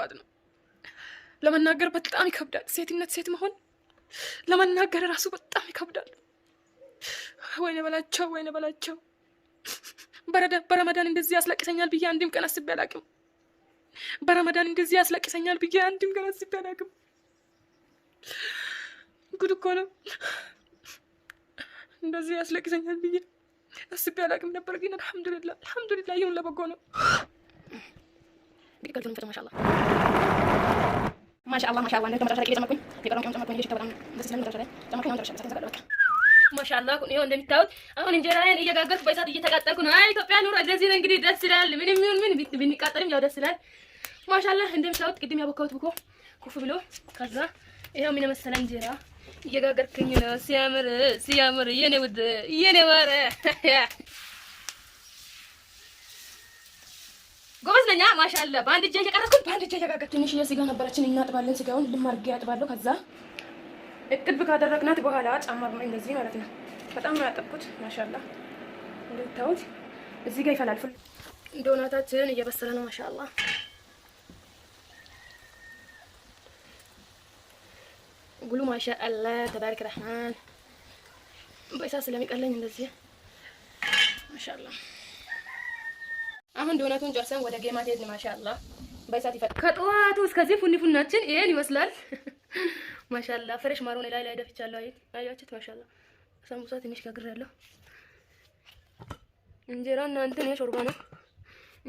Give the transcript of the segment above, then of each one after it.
ከባድ ነው። ለመናገር በጣም ይከብዳል። ሴትነት ሴት መሆን ለመናገር ራሱ በጣም ይከብዳል። ወይኔ በላቸው፣ ወይኔ በላቸው። በረመዳን እንደዚህ ያስለቅሰኛል ብዬ አንድም ቀን አስቤ አላቅም። በረመዳን እንደዚህ ያስለቅሰኛል ብዬ አንድም ቀን አስቤ አላቅም። ጉድ እኮ ነው። እንደዚህ ያስለቅሰኛል ብዬ አስቤ አላቅም ነበር፣ ግን አልሐምዱሊላ አልሐምዱሊላ ይሁን ለበጎ ነው። እንግዲህ ገልጁን ማሻአላ ማሻአላ ማሻአላ። እንደዚህ ከመጨረሻ ላይ ጨመርኩኝ። የቀረውን ቅመም ጨመርኩኝ። ሽታ በጣም ደስ ይላል። መጨረሻ ላይ ጨመርኩኝ። አሁን ጨረሻ በቃ ማሻአላ ይኸው እንደሚታወት አሁን እንጀራዬን እየጋገርኩ በእሳት እየተቃጠልኩ ነው። አይ ኢትዮጵያ ኑሮ እንደዚህ ነው እንግዲህ ደስ ይላል። ምንም ይሁን ምን ብንቃጠልም ያው ደስ ይላል። ማሻአላ እንደምታወት ቅድም ያቦካሁት ብኮ ኩፍ ብሎ ከዛ ይኸው ምን መሰለ እንጀራ እየጋገርኩኝ ነው። ሲያምር ሲያምር የኔ ውድ የኔ ማረ ጎበዝ ነኝ። ማሻአላ በአንድ እጄ እየቀረስኩኝ በአንድ እጄ እየጋገርኩኝ። ትንሽዬ ስጋ ነበረችን እናጥባለን። ስጋውን ልም አድርጌ አጥባለሁ። ከዛ እጥብ ካደረግናት በኋላ ጫማ እንደዚህ ማለት ነው። በጣም ነው ያጠብኩት። ማሻአላ እንደምታዩት እዚህ ጋር ይፈላል። ፍል ዶናታችን እየበሰለ ነው። ማሻአላ ጉሉ ማሻአላ ተባረክ ረህማን በእሳት ስለሚቀለኝ እንደዚህ ማሻአላ አሁን ዶነቱን ጨርሰን ወደ ጌማ ሄድን። ማሻአላ በእሳት ይፈጥ ከጠዋቱ እስከዚህ ፉኒ ፉናችን ይሄን ይመስላል። ማሻአላ ፍሬሽ ማሮን ላይ ላይ ደፍቻለሁ። አይ አያችሁት? ማሻአላ ሰሙሳ ትንሽ ጋግሬያለሁ። እንጀራና እንትን የሾርባ ነው።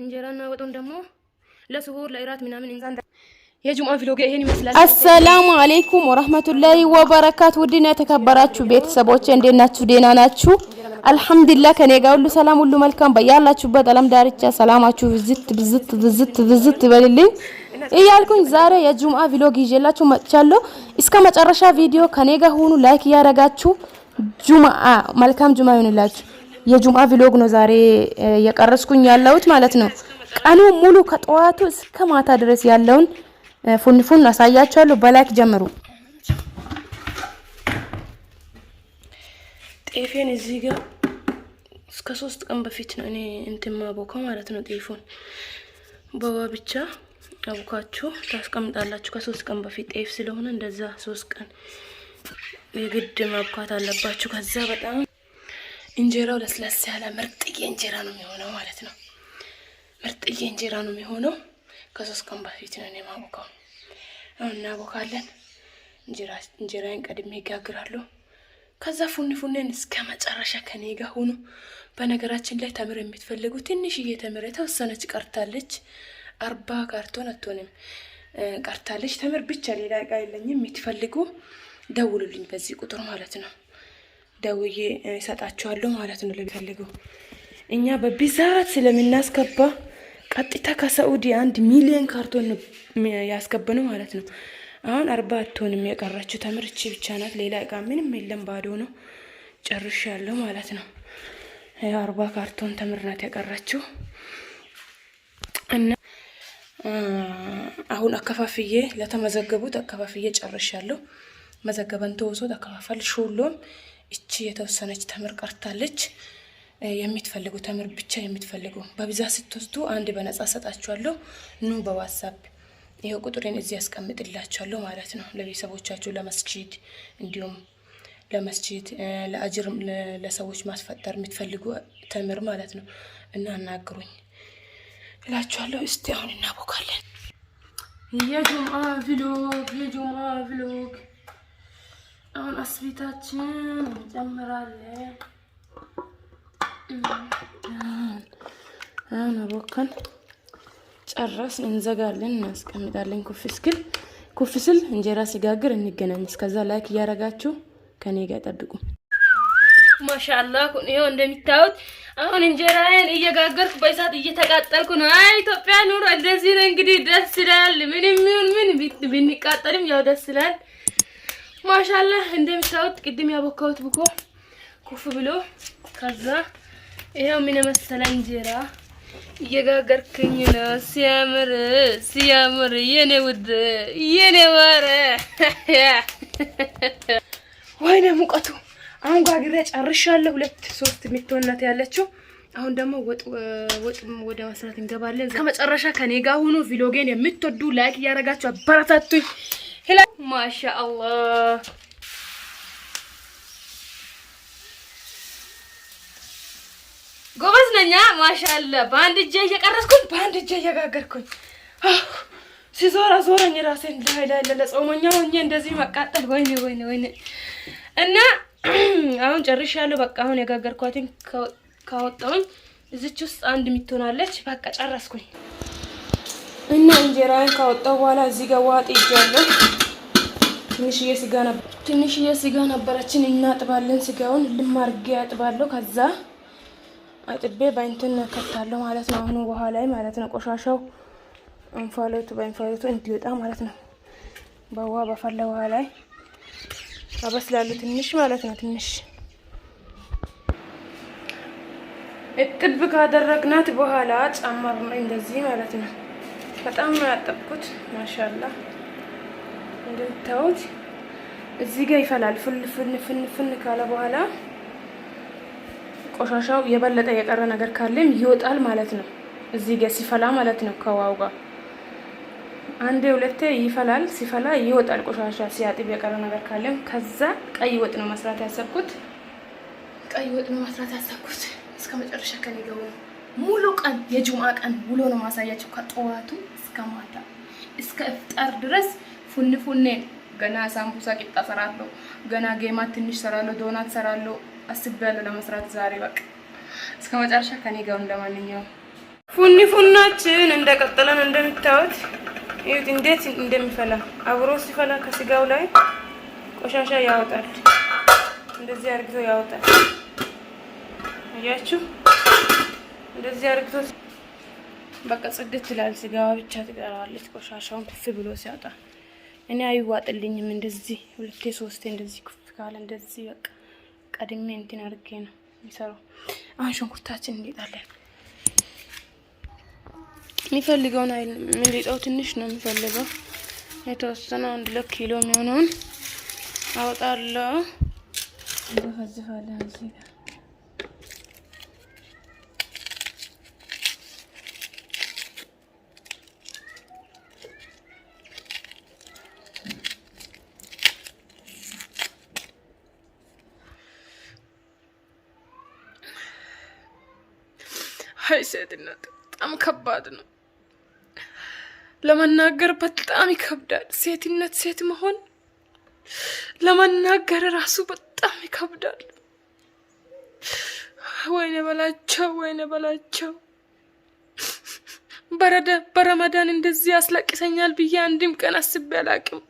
እንጀራና ወጡን ደግሞ ለስሁር ለኢራት ምናምን እንዛን የጁማ ቪሎግ ይሄን ይመስላል። አሰላሙ አለይኩም ወራህመቱላሂ ወበረካቱ። ውድና የተከበራችሁ ቤተሰቦቼ እንዴት ናችሁ? ደህና ናችሁ? አልሐምዱሊላህ ከኔ ጋር ሁሉ ሰላም፣ ሁሉ መልካም። በያላችሁበት አለም ዳርቻ ሰላማችሁ ብዝት ብዝት ብዝት ብዝት ይበልልኝ እያልኩኝ ዛሬ የጁምአ ቪሎግ ይዤላችሁ መጥቻለሁ። እስከ መጨረሻ ቪዲዮ ከኔ ጋር ሁኑ፣ ላይክ እያደረጋችሁ ጁምአ መልካም ጁምአ ይሁንላችሁ። የጁምአ ቪሎግ ነው ዛሬ የቀረስኩኝ ያለሁት ማለት ነው። ቀኑ ሙሉ ከጠዋቱ እስከ ማታ ድረስ ያለውን ፉንፉን አሳያችኋለሁ። በላይክ ጀምሩ። ጤፌን እዚህ ጋር እስከ ሶስት ቀን በፊት ነው እኔ እንትን ማቦካው ማለት ነው። ጤፉን በውሃ ብቻ አቡካችሁ ታስቀምጣላችሁ። ከሶስት ቀን በፊት ጤፍ ስለሆነ እንደዛ ሶስት ቀን የግድ ማብኳት አለባችሁ። ከዛ በጣም እንጀራው ለስለስ ያለ ምርጥዬ እንጀራ ነው የሚሆነው ማለት ነው። ምርጥዬ እንጀራ ነው የሚሆነው። ከሶስት ቀን በፊት ነው እኔ ማቦካው። አሁን እናቦካለን። እንጀራን ቀድሜ ይጋግራሉ። ከዛ ፉን ፉንን እስከ መጨረሻ ከኔ ጋር ሆኖ በነገራችን ላይ ተምር የምትፈልጉ ትንሽዬ ተምር የተወሰነች ቀርታለች። አርባ ካርቶን አትሆንም ቀርታለች። ተምር ብቻ ሌላ እቃ የለኝም። የምትፈልጉ ደውሉልኝ በዚህ ቁጥር ማለት ነው። ደውዬ እሰጣችኋለሁ ማለት ነው ለሚፈልጉ። እኛ በብዛት ስለምናስገባ ቀጥታ ከሳኡዲ አንድ ሚሊዮን ካርቶን ያስገባ ማለት ነው። አሁን አርባ አትሆንም የቀረችው ተምርቺ ብቻ ናት። ሌላ እቃ ምንም የለም፣ ባዶ ነው። ያለው ማለት ነው። አርባ ካርቶን ተምር ናት የቀረችው እና አሁን አከፋፍዬ ለተመዘገቡት አከፋፍዬ ጨርሻለሁ። መዘገበን ተወሶ ተከፋፈል ሹሎም እቺ የተወሰነች ተምር ቀርታለች። የሚትፈልጉ ተምር ብቻ የሚትፈልጉ በብዛት ስትወስዱ አንድ በነጻ ሰጣችኋለሁ። ኑ በዋትሳፕ ይሄ ቁጥሬን እዚህ ያስቀምጥላቸዋለሁ ማለት ነው። ለቤተሰቦቻችሁ ለመስጂድ እንዲሁም ለመስጂድ ለአጅር ለሰዎች ማስፈጠር የምትፈልጉ ተምር ማለት ነው እና አናግሩኝ እላችኋለሁ። እስቲ አሁን እናቦካለን። የጁምአ ቪሎግ የጁምአ ቪሎግ አሁን አስቤታችን እንጨምራለን። አሁን አቦካን ጨረስን፣ እንዘጋለን፣ እናስቀምጣለን። ኩፍ እስክል ኩፍ ስል እንጀራ ሲጋግር እንገናኝ። እስከዛ ላይክ እያረጋችሁ ከኔ ጋር ጠብቁ። ማሻላ ይኸው እንደሚታዩት አሁን እንጀራዬን እየጋገርኩ በእሳት እየተቃጠልኩ ነው። አይ ኢትዮጵያ ኑሮ እንደዚህ ነው እንግዲህ። ደስ ይላል። ምንም ይሁን ምን ብንቃጠልም ያው ደስ ይላል። ማሻላ እንደሚታዩት ቅድም ያቦካሁት ብኮ ኩፍ ብሎ ከዛ ይኸው ምን መሰለ እንጀራ እየጋገርክኝ ነው። ሲያምር ሲያምር የኔ ውድ የኔ ማረ ወይኔ ሙቀቱ። አሁን ጋግሬ ጨርሻለሁ። ሁለት ሶስት የሚትሆናት ያለችው አሁን ደግሞ ወጥ ወደ መስራት እንገባለን። ከመጨረሻ ከኔ ጋር ሁኑ። ቪሎጌን የምትወዱ ላይክ እያደረጋችሁ አበረታቱኝ። ሄላ ማሻአላህ ነኝ ማሻላ። በአንድ እጄ እየቀረስኩኝ በአንድ እጄ እየጋገርኩኝ ሲዞራ ዞረኝ ራሴን ለሀይላለ ለጾመኛ ሆኜ እንደዚህ መቃጠል ወይኔ ወይኔ ወይኔ። እና አሁን ጨርሻለሁ። በቃ አሁን የጋገርኳትን ካወጣሁኝ እዚች ውስጥ አንድ የምትሆናለች። በቃ ጨረስኩኝ እና እንጀራን ካወጣሁ በኋላ እዚህ ጋር ዋጥ ይጃለሁ። ትንሽዬ ስጋ ነበር ትንሽዬ ስጋ ነበረችን። እናጥባለን። ስጋውን ልማርጌ አጥባለሁ ከዛ አጥቤ በእንትን ከታለሁ ማለት ነው። አሁን ውሃ ላይ ማለት ነው። ቆሻሻው እንፋሎቱ በእንፋሎቱ እንዲወጣ ማለት ነው። በውሃ በፈላ ውሃ ላይ አበስላሉ ትንሽ ማለት ነው። ትንሽ እጥብ ካደረግናት በኋላ ጨመር እንደዚህ ማለት ነው። በጣም ነው ያጠብኩት። ማሻላ እንደምታዩት እዚህ ጋር ይፈላል። ፍን ፍን ፍን ካለ በኋላ ቆሻሻው የበለጠ የቀረ ነገር ካለም ይወጣል ማለት ነው። እዚህ ጋር ሲፈላ ማለት ነው ከዋው ጋር አንዴ ሁለቴ ይፈላል። ሲፈላ ይወጣል ቆሻሻ ሲያጥብ የቀረ ነገር ካለም። ከዛ ቀይ ወጥ ነው መስራት ያሰብኩት። ቀይ ወጥ ነው መስራት ያሰብኩት። እስከ መጨረሻ ጋር ይገቡ ሙሉ ቀን የጁምአ ቀን ውሎ ነው ማሳያቸው። ከጠዋቱ እስከ ማታ እስከ እፍጣር ድረስ ፉን ፉኔ ገና ሳምቡሳ ቂጣ ሰራለሁ። ገና ጌማ ትንሽ ሰራለሁ። ዶናት ሰራለሁ። አስቤያለሁ ለመስራት ዛሬ በቃ እስከ መጨረሻ ከኔ ጋር እንደማንኛው ፉኒ ፉናችን እንደቀጠለን እንደምታዩት እዩት፣ እንዴት እንደሚፈላ አብሮ ሲፈላ ከስጋው ላይ ቆሻሻ ያወጣል። እንደዚህ አርግቶ ያወጣል። አያችሁ፣ እንደዚህ አርግቶ በቃ ጽድት ይላል። ስጋዋ ብቻ ትቀረዋለች፣ ቆሻሻውን ኩፍ ብሎ ሲያወጣ እኔ አይዋጥልኝም። እንደዚህ ሁለቴ ሶስቴ እንደዚህ ኩፍ ካለ እንደዚህ በቃ ቀድሜ እንትን አድርጌ ነው የሚሰራው። አሁን ሽንኩርታችን እንዲጣለን የሚፈልገውን አይልም እንዲጠው ትንሽ ነው የሚፈልገው። የተወሰነ አንድ ለ ኪሎ የሚሆነውን አወጣለሁ። ዘፈዝፋለን እዚህ ጋር አይ ሴትነት በጣም ከባድ ነው፣ ለመናገር በጣም ይከብዳል። ሴትነት ሴት መሆን ለመናገር ራሱ በጣም ይከብዳል። ወይኔ በላቸው፣ ወይኔ በላቸው። በረደ በረመዳን እንደዚህ ያስለቅሰኛል ብዬ አንድም ቀን አስቤ አላቅም።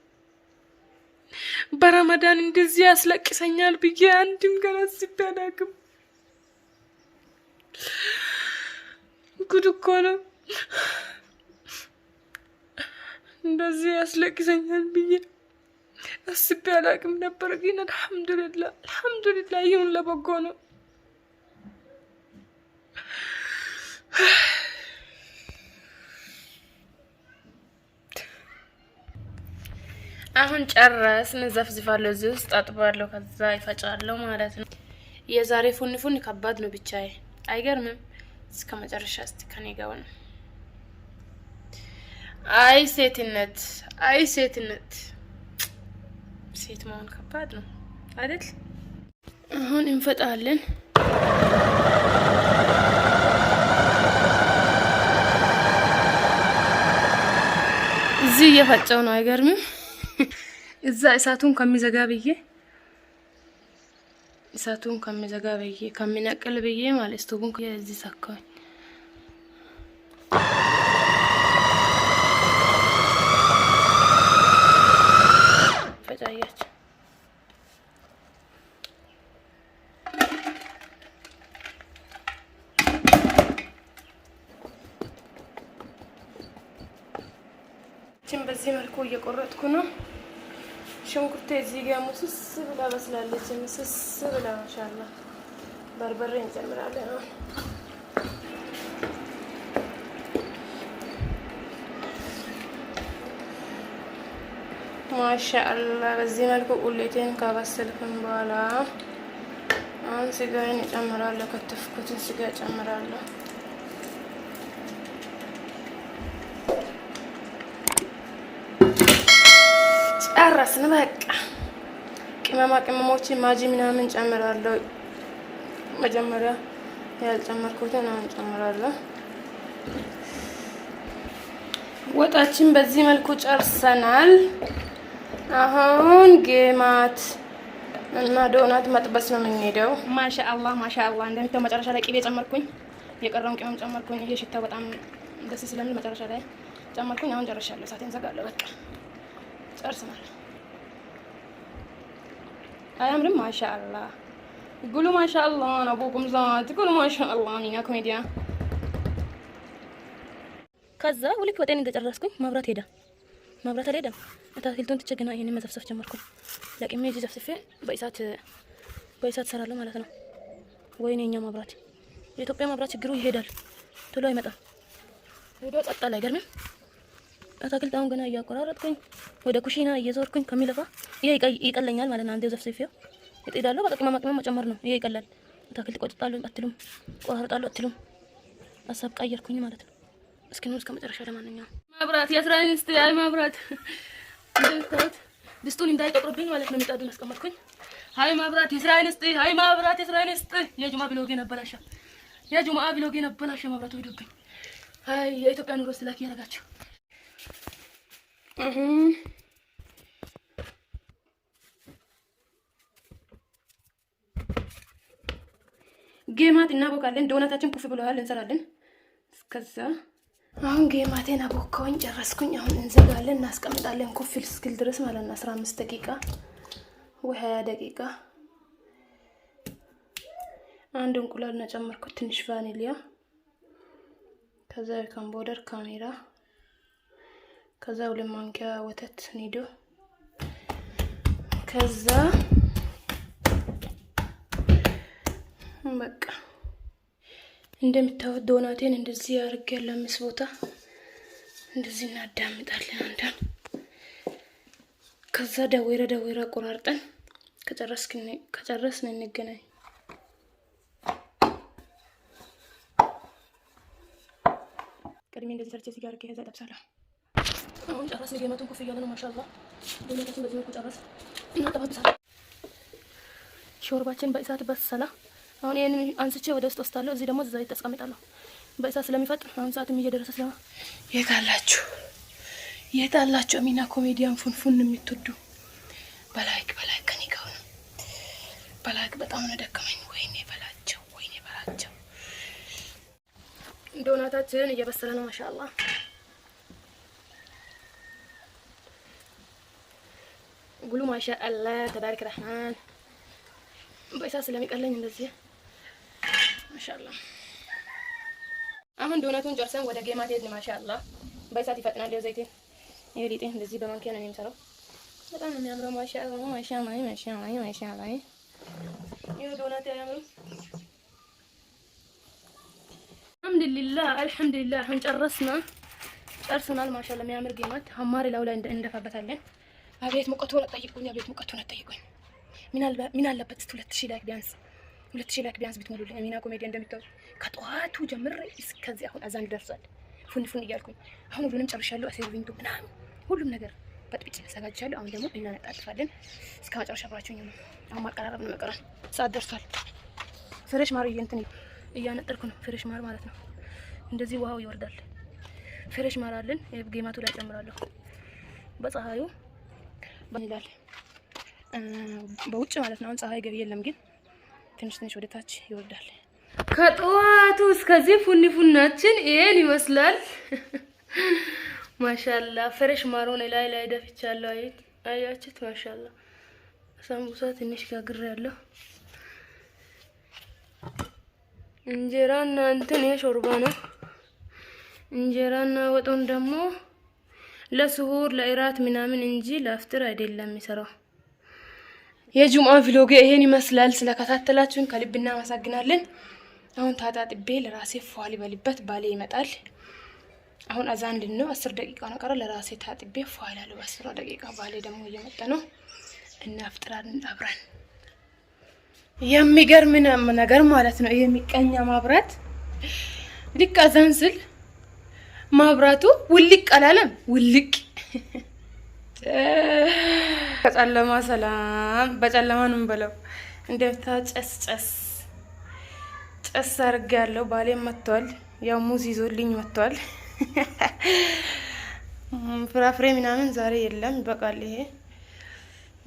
በረመዳን እንደዚህ ያስለቅሰኛል ብዬ አንድም ቀን አስቤ አላቅም። ጉድ እኮ ነው። እንደዚህ ያስለቅሰኛል ብዬ አስቤ አላቅም ነበር። ግን አልሐምዱልላ አልሐምዱልላ ይሁን ለበጎ ነው። አሁን ጨረስን። ዘፍዝፋለሁ፣ እዚህ ውስጥ አጥባለሁ፣ ከዛ ይፈጫለሁ ማለት ነው። የዛሬ ፉን ፉን ከባድ ነው ብቻዬ አይገርምም። እስከ መጨረሻ እስቲ ከኔ ጋር ነው። አይ ሴትነት፣ አይ ሴትነት፣ ሴት መሆን ከባድ ነው አይደል? አሁን እንፈጣለን። እዚህ እየፈጨው ነው። አይገርምም? እዛ እሳቱን ከሚዘጋ ብዬ እሳቱን ከሚዘጋ ብዬ ከሚነቅል ብዬ ማለት ስቶቡን የዚህ ሰካኝ ፈጫያች በዚህ መልኩ እየቆረጥኩ ነው። ሽንኩርቴ እዚህ ጋር ሙስስ ብላ በስላለች፣ ሙስስ ብላ ማሻላ። በርበሬ እንጨምራለን አሁን ማሻአላ። በዚህ መልኩ ቁሌቴን ካበሰልኩኝ በኋላ አሁን ስጋዬን እጨምራለሁ። ከተፍኩትን ስጋ እጨምራለሁ። ጨረስን። በቃ ቅመማ ቅመሞችን ማጂ ምናምን ጨምራለሁ። መጀመሪያ ያልጨመርኩትን አሁን ጨምራለሁ። ወጣችን በዚህ መልኩ ጨርሰናል። አሁን ግማት እና ዶናት መጥበስ ነው የምንሄደው። ማሻአላህ ማሻአላህ። እንደምታው መጨረሻ ላይ ቅቤ ጨመርኩኝ፣ የቀረውን ቅመም ጨመርኩኝ። ይሄ ሽታው በጣም ደስ ስለሚል መጨረሻ ላይ ጨመርኩኝ። አሁን ጨርሻለሁ። ሳቴን ዘጋለሁ በቃ ጥርስ አያምርም? ማሻአላ ጉሉ ማሻአላ አቡኩም ዛት ጉሉ ማሻአላ ሚና ኮሜዲያ። ከዛ ውልክ ወጤን እንደጨረስኩኝ መብራት ሄዳ መብራት አልሄደም። አታክልቱን ትቼ ገና ይሄንን መዘፍዘፍ ጀመርኩ። ለቅሜ እዚህ ዘፍስፌ በእሳት በእሳት ሰራለሁ ማለት ነው። ወይኔ እኛ መብራት የኢትዮጵያ መብራት ችግሩ ይሄዳል፣ ቶሎ አይመጣም። ሄዶ ጸጥ አለ አይገርምም? አታክልት አሁን ገና እያቆራረጥኩኝ ወደ ኩሽና እየዞርኩኝ ከሚለፋ ይሄ ይቀለኛል ማለት ነው። አንዴ ዘፍዝፌው እጥዳለሁ። በቃ ቅመማ ቅመም መጨመር ነው። ይሄ ይቀላል። አታክልት ቆጥጣለሁ አትሉም፣ ቆራረጣለሁ አትሉም። ሀሳብ ቀየርኩኝ ማለት ነው። እስኪ ነው እስከ መጨረሻ። ለማንኛውም ማብራት የአስራ አምስት አይ ማብራት እንደምታዩት ድስቱን እንዳይጠቁርብኝ ማለት ነው። ምጣዱን አስቀመጥኩኝ። ሀይ ማብራት የእስራኤል ስጥ፣ ሀይ ማብራት የእስራኤል ስጥ። የጁማ ብሎጌን አበላሸ፣ የጁማ ብሎጌን አበላሸ። ማብራቱ ሄዶብኝ። ሀይ የኢትዮጵያ ኑሮ ስላክ ያደረጋችሁ ጌማት እናቦካለን። ዶናታችን ፑፍ ብለዋል፣ እንሰራለን። ከዛ አሁን ጌማቴን አቦካውኝ ጨረስኩኝ። አሁን እንዘጋለን፣ እናስቀምጣለን ኩፍ እስክል ድረስ ማለት ነው። አስራ አምስት ደቂቃ ወይ ሀያ ደቂቃ። አንድ እንቁላል ነው ጨመርኩት፣ ትንሽ ቫኒሊያ፣ ከዛ የካምቦደር ካሜራ ከዛ ሁለት ማንኪያ ወተት ኒዶ ከዛ በቃ እንደምታወት ዶናቴን እንደዚህ አድርጌ ለአምስት ቦታ እንደዚህ እናዳምጣለን። አንዳን ከዛ ደዌራ ደዌራ ቆራርጠን ከጨረስን እንገናኝ። ቅድሜ እንደዚህ ሰርቼ ሲጋር ከያዘ ጠብሳለሁ አሁን ጨረስን። የመቱን ኮፍያ ነው። ማሻላ የመታችን በዚህ መልኩ ጨረስ እናጠባት። ሾርባችን በእሳት በሰላ። አሁን ይህንን አንስቼ ወደ ውስጥ ወስዳለሁ። እዚህ ደግሞ ዘይት አስቀምጣለሁ። በእሳት ስለሚፈጥ አሁን ሰዓትም እየደረሰ ስለሆነ የት አላችሁ የት አላችሁ? አሚና ኮሜዲያን ፉንፉን የምትወዱ በላይክ በላይክ ከኔ ጋር ነው። በላይክ በጣም ነው ደከመኝ። ወይኔ በላቸው፣ ወይኔ በላቸው። ዶናታችን እየበሰለ ነው ማሻአላህ ጉሉ ማሻ አላህ ተባረክ ረህማን በእሳት ስለሚቀለኝ እንደዚህ ማሻአላ። አሁን ዶናቱን ጨርሰን ወደ ጌማት ሄድን። ማሻአላ በእሳት ይፈጥናል። ዘይቴ ይሄ ሊጤ እንደዚህ በማንኪያ ነው የሚሰራው። በጣም ነው የሚያምረው። ማሻአላ ማሻአላ ማሻአላ ማሻአላ። ይሄ ዶናት ያምሩ። አልሐምዱሊላህ አልሐምዱሊላህ። አሁን ጨረስና ጨርሰናል። ማሻአላ የሚያምር ጌማት ሀማሪ ላው ላይ እንደፋበታለን። አቤት ሙቀቱን አትጠይቁኝ። አቤት ሙቀቱን አትጠይቁኝ። ምን አለበት እስኪ ሁለት ሺህ ላይክ ቢያንስ ሁለት ሺህ ላይክ ቢያንስ ብትሞሉልኝ። አሚና ኮሜዲ እንደሚታወቅ ከጠዋቱ ጀምሬ እስከዚህ አሁን አዛን ደርሷል። ፉን ፉን እያልኩኝ አሁን ሁሉንም ጨርሻለሁ። አሴርቪንቱ ምናምን ሁሉም ነገር በጥብጭ ያዘጋጃለሁ። አሁን ደግሞ እናነጣጥፋለን። እስከ መጨረሻ አብራችሁኝ ነው። አሁን ማቀራረብ ነው መቀረን፣ ሰዓት ደርሷል። ፍሬሽ ማር እንትን እያነጠርኩ ነው። ፍሬሽ ማር ማለት ነው። እንደዚህ ውሃው ይወርዳል። ፍሬሽ ማር አለን። ጌማቱ ላይ ጨምራለሁ በፀሐዩ ይላል በውጭ ማለት ነው። አሁን ፀሐይ ገቢ የለም ግን ትንሽ ትንሽ ወደ ታች ይወርዳል። ከጠዋቱ እስከዚህ ፉኒ ፉናችን ይሄን ይመስላል። ማሻላ ፍሬሽ ማሮን ላይ ላይ ደፍቻለሁ። አይት አያችሁት? ማሻላ ሳምቡሳ ትንሽ ጋግር ያለው እንጀራና እንትን ይሄ ሾርባ ነው። እንጀራና ወጡን ደግሞ ለስሁር ለኢራት ምናምን እንጂ ለአፍጥር አይደለም የሚሰራው። የጁምአ ቪሎግ ይሄን ይመስላል። ስለከታተላችሁን ከልብ እናመሰግናለን። አሁን ታጣጥቤ ለራሴ ፏ ልበልበት። ባሌ ይመጣል። አሁን አዛን ልነው አስር ደቂቃ ነው ቀረ። ለራሴ ታጥቤ ፏ ይላሉ በአስር ደቂቃ። ባሌ ደግሞ እየመጣ ነው እና አፍጥራን አብረን የሚገርም ነገር ማለት ነው የሚቀኛ ማብራት ልክ አዛን ስል ማብራቱ ውልቅ አላለም። ውልቅ ከጨለማ ሰላም በጨለማ ነው የምበለው። እንደታ ጨስ ጨስ ጨስ አርግ ያለው ባሌ መጥቷል። ያው ሙዝ ይዞልኝ መጥቷል። ፍራፍሬ ምናምን ዛሬ የለም፣ ይበቃል። ይሄ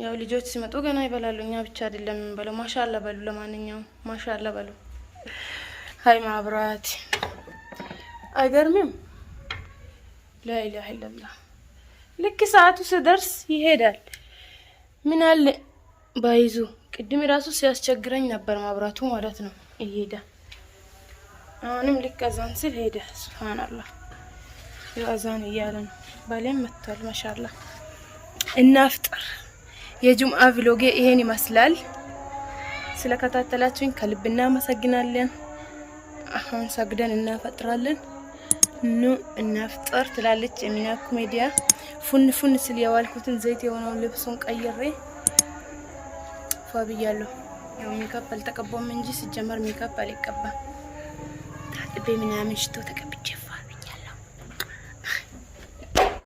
ያው ልጆች ሲመጡ ገና ይበላሉ። እኛ ብቻ አይደለም የምንበለው። ማሻላ በሉ። ለማንኛውም ማሻላ በሉ። ሀይ ማብራት አይገርምም። ላኢላሀ ኢለላህ። ልክ ሰዓቱ ስደርስ ይሄዳል። ምን አለ ባይዙ ቅድም ራሱ ሲያስቸግረኝ ነበር ማብራቱ ማለት ነው። እየሄደ አሁንም ልክ አዛን ስል ሄደ። ሱብሃንአላህ አዛን እያለ ነው። ባሌም መጥቷል። ማሻአላህ እና ፍጥር የጁምአ ቪሎጌ ይሄን ይመስላል። ስለከታተላችሁኝ ከልብ እናመሰግናለን። አሁን ሰግደን እናፈጥራለን። ኑ እናፍጠር ትላለች የሚና ኮሜዲያ። ፉን ፉን ስል የዋልኩትን ዘይት የሆነውን ልብሱን ቀይሬ ፏ ብያለሁ። ያው ሜካፕ አልተቀባውም እንጂ ሲጀመር ሜካፕ አልቀባም። ታጥቤ ምናምን ሽቶ ተቀብቼ